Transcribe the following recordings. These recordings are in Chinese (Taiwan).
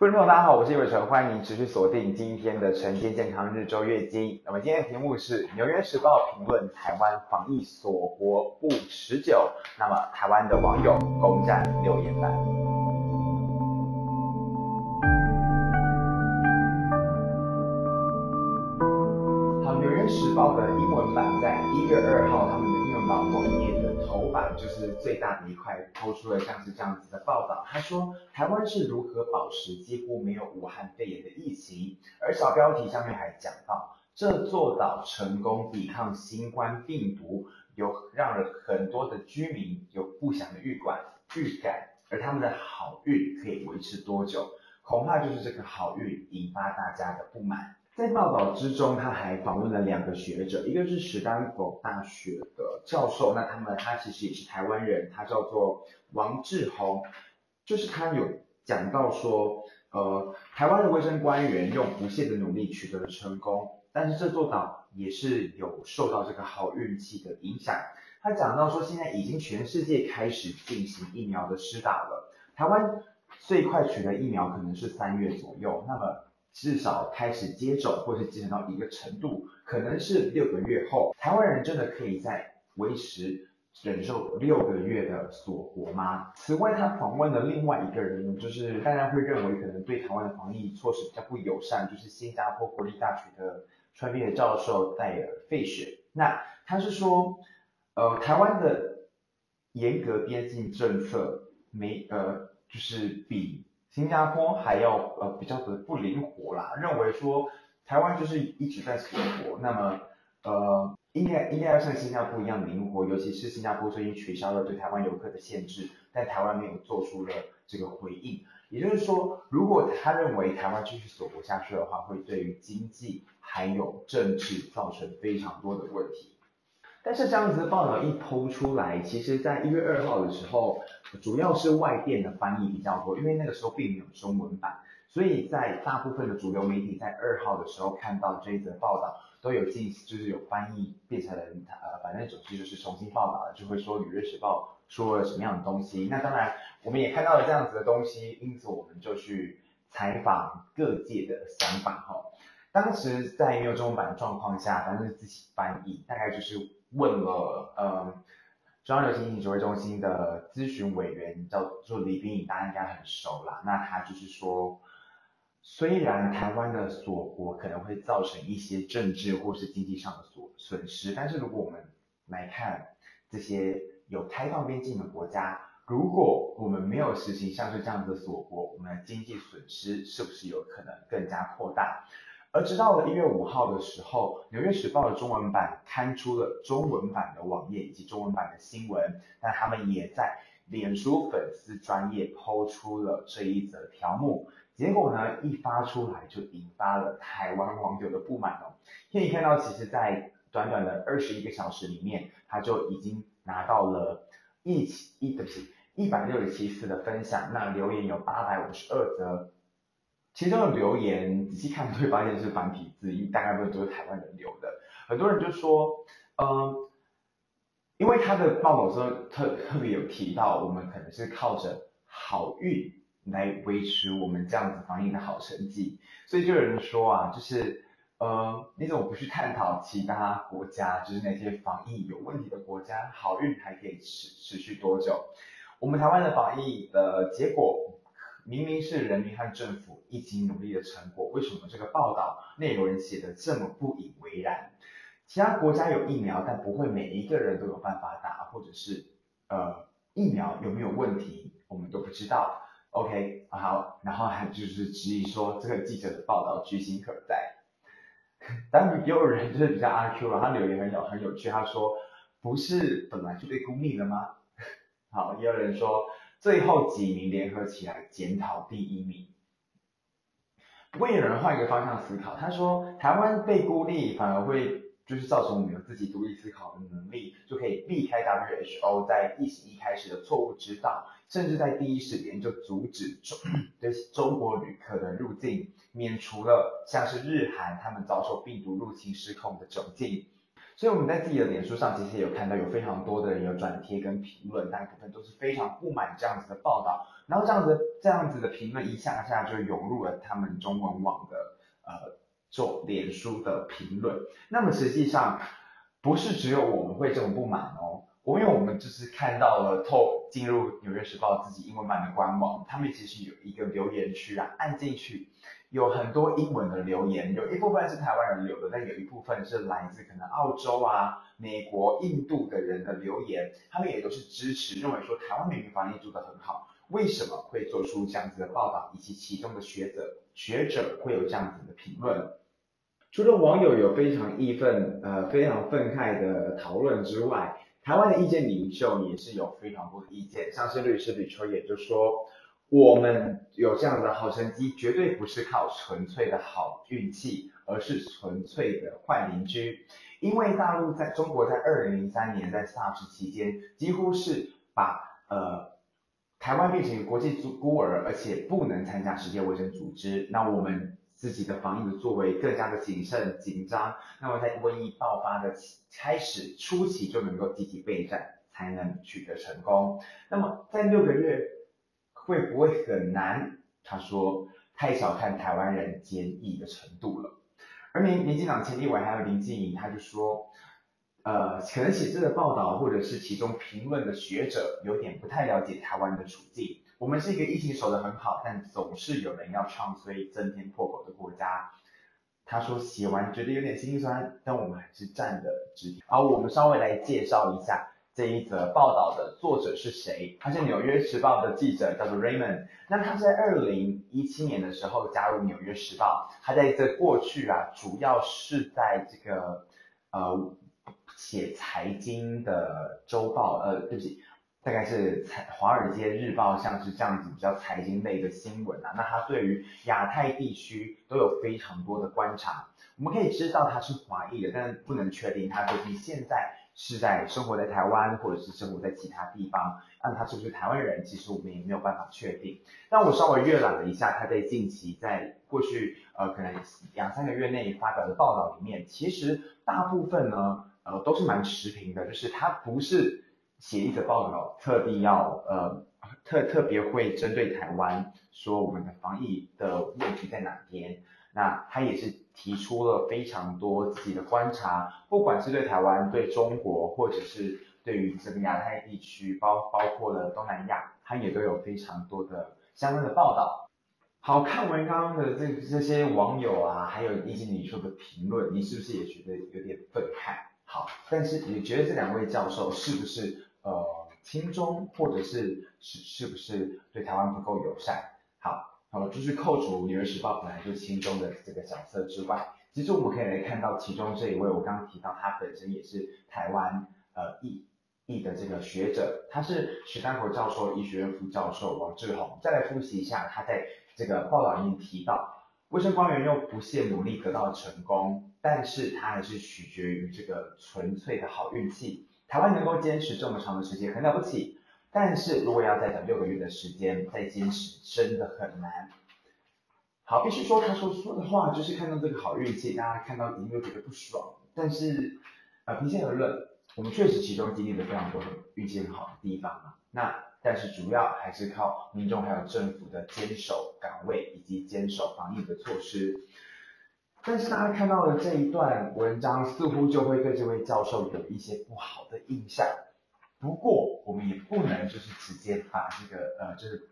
觀眾朋友，大家好，我是葉偉成，歡迎您持續鎖定今天的晨間健康日周月經。那麼今天的題目是《紐約時報》評論台灣防疫鎖國不持久，那麼台灣的網友攻占留言板。好，《紐約時報》的英文版在一月二號，他們引用到網頁的英文版。就是最大的一塊，拋出了像是這樣子的報道，他說台灣是如何保持幾乎沒有武漢肺炎的疫情，而小標題上面還講到這座島成功抵抗新冠病毒，有讓人很多的居民有不祥的預感預感，而他們的好運可以維持多久，恐怕就是這個好運引發大家的不滿。在報道之中，他還訪問了兩個學者，一個是史丹佛大學的教授，那他們他其實也是台灣人，他叫做王智弘，就是他有講到說，呃，台灣的衛生官員用不懈的努力取得了成功，但是這座島也是有受到這個好運氣的影響。他講到說，現在已經全世界開始進行疫苗的施打了，台灣最快取得疫苗可能是三月左右，那麼。至少開始接種或是接種到一個程度，可能是六個月後，台灣人真的可以在維持忍受六個月的鎖國嗎？此外，他訪問的另外一個人，就是大家會認為可能對台灣的防疫措施比較不友善，就是新加坡國立大學的傳染病教授戴爾·費雪。那他是說，呃，台灣的嚴格邊境政策沒呃，就是比。新加坡還要呃比較的不靈活啦，認為說台灣就是一直在鎖國，那麼呃應該應該要像新加坡一樣靈活，尤其是新加坡最近取消了對台灣遊客的限制，但台灣沒有做出了這個回應，也就是說，如果他認為台灣繼續鎖國下去的話，會對於經濟還有政治造成非常多的問題。但是這樣子的報道一拋出來，其實，在一月二號的時候，主要是外電的翻譯比較多，因為那個時候並沒有中文版，所以在大部分的主流媒體在二號的時候看到這一則報道，都有進就是有翻譯變成了呃，反正總之就是重新報道了，就會說《紐約時報》說了什麼樣的東西。那當然，我們也看到了這樣子的東西，因此我們就去採訪各界的想法。哈，當時在沒有中文版的狀況下，反正是自己翻譯，大概就是。問了，嗯，中央流行疫情指揮中心的諮詢委員叫做李秉穎，大家應該很熟啦。那他就是說，雖然台灣的鎖國可能會造成一些政治或是經濟上的損損失，但是如果我們來看這些有開放邊境的國家，如果我們沒有實行像是這樣的鎖國，我們的經濟損失是不是有可能更加擴大？而直到了一月五號的時候，紐約時報的中文版刊出了中文版的網頁以及中文版的新聞，但他們也在臉書粉絲專頁 PO 出了這一則條目，結果呢，一發出來就引發了台灣網友的不滿哦。可以看到，其實在短短的二十一個小時裡面，他就已經拿到了一千一的一百六十七次的分享，那留言有八百五十二則。其中的留言，仔細看會發現是繁體字，因為大概是都是台灣人留的。很多人就說，嗯、呃，因為他的報道說特特別有提到，我們可能是靠着好運來維持我們這樣子防疫的好成績，所以就有人說啊，就是，呃，你怎麼不去探討其他國家，就是那些防疫有問題的國家，好運還可以持持續多久？我們台灣的防疫的結果。.明明是人民和政府一起努力的成果，為什麼這個報道內容人寫的這麼不以為然？其他國家有疫苗，但不會每一個人都有辦法打，或者是呃疫苗有沒有問題，我們都不知道。OK，、啊、好，然後還就是質疑說這個記者的報道居心何在？ 當然也有人就是比較阿 Q 了，他留言很有很有趣，他說不是本來就被孤立了嗎？ 好，也有人說。最後幾名聯合起來檢討第一名，不過有人換一個方向思考，他說台灣被孤立反而會就是造成我們有自己獨立思考的能力，就可以避開 WHO 在疫情一開始的錯誤指導，甚至在第一時間就阻止中對中國旅客的入境，免除了像是日韓他們遭受病毒入侵失控的窘境。所以我們在自己的臉書上其實也有看到，有非常多的人有轉貼跟評論，大部分都是非常不滿這樣子的報道。然後這樣子這樣子的評論一下下就湧入了他們中文網的呃，做臉書的評論。那麼實際上不是只有我們會這麼不滿哦，因為我們就是看到了透進入紐約時報自己英文版的官網，他們其實有一個留言區啊，按進去。有很多英文的留言，有一部分是台灣人留的，但有一部分是來自可能澳洲啊、美國、印度的人的留言，他們也都是支持，認為說台灣明明防疫做得很好，為什麼會做出這樣子的報道？以及其中的學者，學者會有這樣子的評論。除了網友有非常義憤、呃非常憤慨的討論之外，台灣的意見領袖也是有非常多的意見，像是律師呂秋遠就說。我們有這樣的好成績，絕對不是靠純粹的好運氣，而是純粹的壞鄰居。因為大陸在中國在二零零三年在 SARS 期間，幾乎是把呃台灣變成一個國際孤兒，而且不能參加世界衛生組織。那我們自己的防疫的作為更加的謹慎緊張。那麼在瘟疫爆發的起，開始初期就能夠積極備戰，才能取得成功。那麼在六個月。會不會很難？他說太小看台灣人堅毅的程度了。而民民進黨前立委還有林靜儀，他就說，呃，可能寫這個報道或者是其中評論的學者有點不太了解台灣的處境。我們是一個疫情守得很好，但總是有人要唱衰，增添破口的國家。他說，寫完覺得有點心酸，但我們還是站得直。好，啊，我們稍微來介紹一下。這一則報道的作者是誰？他是《紐約時報》的記者，叫做 Raymond。那他在二零一七年的時候加入《紐約時報》，他在這過去啊，主要是在這個呃寫財經的週報，呃，對不起，大概是財《華爾街日報》像是這樣子比較財經類的一個新聞啊。那他對於亞太地區都有非常多的觀察。我們可以知道他是華裔的，但是不能確定他最近現在。是在生活在台灣，或者是生活在其他地方，那他是不是台灣人，其實我們也沒有辦法確定。但我稍微閱覽了一下他在近期在過去呃可能兩三個月內發表的報道裡面，其實大部分呢呃都是蠻持平的，就是他不是寫一則報道特地要呃特特別會針對台灣說我們的防疫的問題在哪邊。那他也是提出了非常多自己的觀察，不管是對台灣、對中國，或者是對於整個亞太地區，包包括了東南亞，他也都有非常多的相關的報道。好，看完剛剛的這這些網友啊，還有以及你說的評論，你是不是也覺得有點憤慨？好，但是你覺得這兩位教授是不是呃親中，或者是是是不是對台灣不夠友善？好。好，了、哦，就是扣除《紐約時報》本來就親中的這個角色之外，其實我們可以來看到其中這一位，我剛剛提到他本身也是台灣呃醫醫的這個學者，他是史丹佛大學教授，醫學院副教授王智弘。再來複習一下，他在這個報道裡面提到，衛生官員用不懈努力得到了成功，但是他還是取決於這個純粹的好運氣。台灣能夠堅持這麼長的時間，很了不起。但是如果要再等六個月的時間，再堅持真的很難。好，必須說他說說的話，就是看到這個好運氣，大家看到一定會覺得不爽。但是，啊、呃，平心而論，我們確實其中經歷了非常多運氣很好的地方。那但是主要還是靠民眾還有政府的堅守崗位以及堅守防疫的措施。但是大家看到的這一段文章，似乎就會對這位教授有一些不好的印象。不過我們也不能就是直接把這個呃就是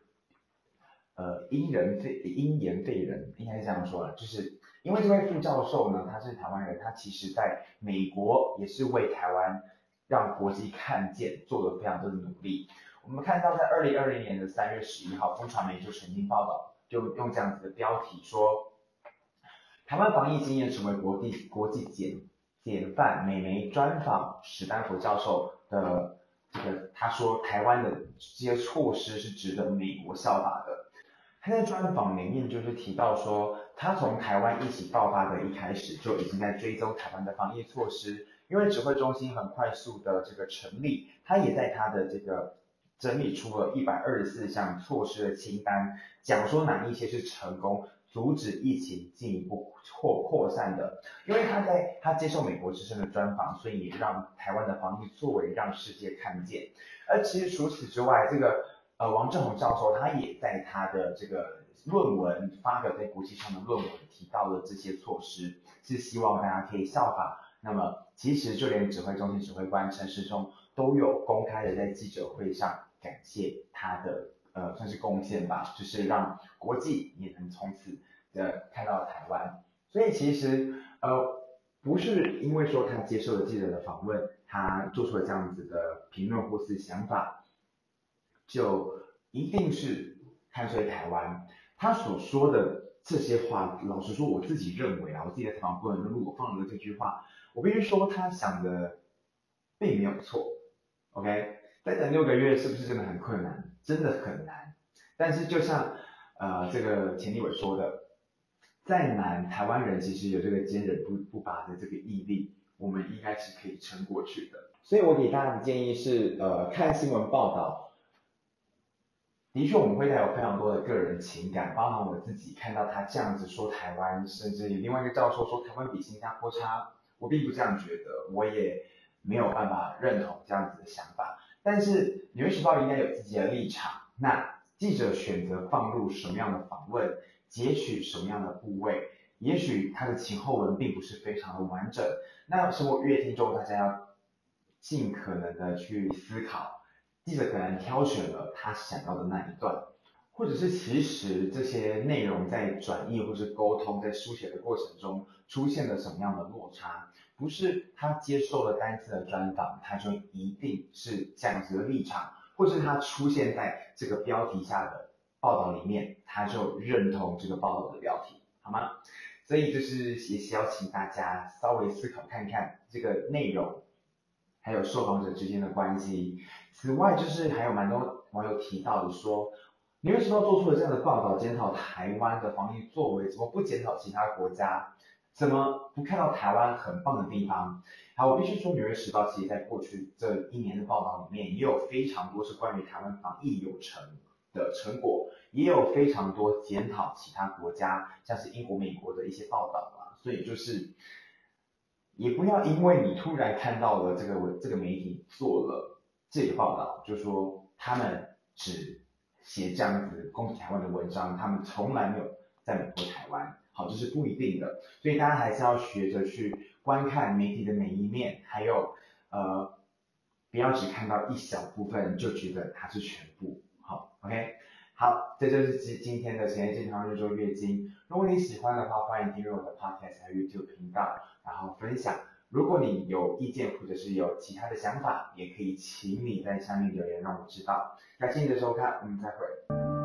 呃因人廢因言廢人應該是這樣說的，就是因為這位副教授呢，他是台灣人，他其實在美國也是為台灣讓國際看見做了非常多的努力。我們看到在二零二零年的三月十一號，風傳媒就曾經報道，就用這樣子的標題說，台灣防疫經驗成為國際國際典典範，美媒專訪史丹佛教授的。這個他說，台灣的這些措施是值得美國效法的。他在專訪裡面就是提到說，他從台灣疫情爆發的一開始就已經在追蹤台灣的防疫措施，因為指揮中心很快速的這個成立，他也在他的這個整理出了一百二十四項措施的清單，講說哪一些是成功，阻止疫情進一步擴擴，擴散的，因為他在他接受美國之聲的專訪，所以也讓台灣的防疫作為讓世界看見。而其實除此之外，這個呃王智弘教授他也在他的這個論文發表在國際上的論文提到了這些措施，是希望大家可以效法。那麼其實就連指揮中心指揮官陳時中都有公開的在記者會上感謝他的。呃，算是貢獻吧，就是讓國際也能從此的看到台灣。所以其實呃，不是因為說他接受了記者的訪問，他做出了這樣子的評論或是想法，就一定是看衰台灣。他所說的這些話，老實說，我自己認為啊，我自己在採訪過程中如果放了這句話，我必須說他想的並沒有錯。OK，再等六個月是不是真的很困難？真的很難，但是就像呃這個錢立偉說的，再難，台灣人其實有這個堅韌不不拔的這個毅力，我們應該是可以撐過去的。所以我給大家的建議是，呃看新聞報道，的確我們會帶有非常多的個人情感，包含我自己看到他這樣子說台灣，甚至有另外一個教授說台灣比新加坡差，我並不這樣覺得，我也沒有辦法認同這樣子的想法。但是《紐約時報》應該有自己的立場，那記者選擇放入什麼樣的訪問，截取什麼樣的部位，也許他的前後文並不是非常的完整。那是我閱聽眾，大家要盡可能的去思考，記者可能挑選了他想要的那一段，或者是其實這些內容在轉譯或是溝通在書寫的過程中出現了什麼樣的落差。不是他接受了單次的專訪，他就一定是這樣子的立場，或是他出現在這個標題下的報道裡面，他就認同這個報道的標題，好嗎？所以就是也邀請大家稍微思考看看這個內容，還有受訪者之間的關係。此外，就是還有蠻多網友提到的說，你為什麼做出了這樣的報道，檢討台灣的防疫作為，怎麼不檢討其他國家？怎麼不看到台灣很棒的地方？好，我必須說，《紐約時報》其實在過去這一年的報道裡面，也有非常多是關於台灣防疫有成的成果，也有非常多檢討其他國家，像是英國、美國的一些報道啊。所以就是，也不要因為你突然看到了這個這個媒體做了這個報道，就說他們只寫這樣子攻擊台灣的文章，他們從來沒有在抹黑台灣。好，這是不一定的，所以大家還是要學着去觀看媒體的每一面，還有呃，不要只看到一小部分就覺得它是全部。好，OK，好，這就是今今天的前列健康日做月經。如果你喜歡的話，歡迎訂閱我的 podcast 和 YouTube 頻道，然後分享。如果你有意見或者是有其他的想法，也可以請你在下面留言讓我知道。感謝你的收看，我們再會。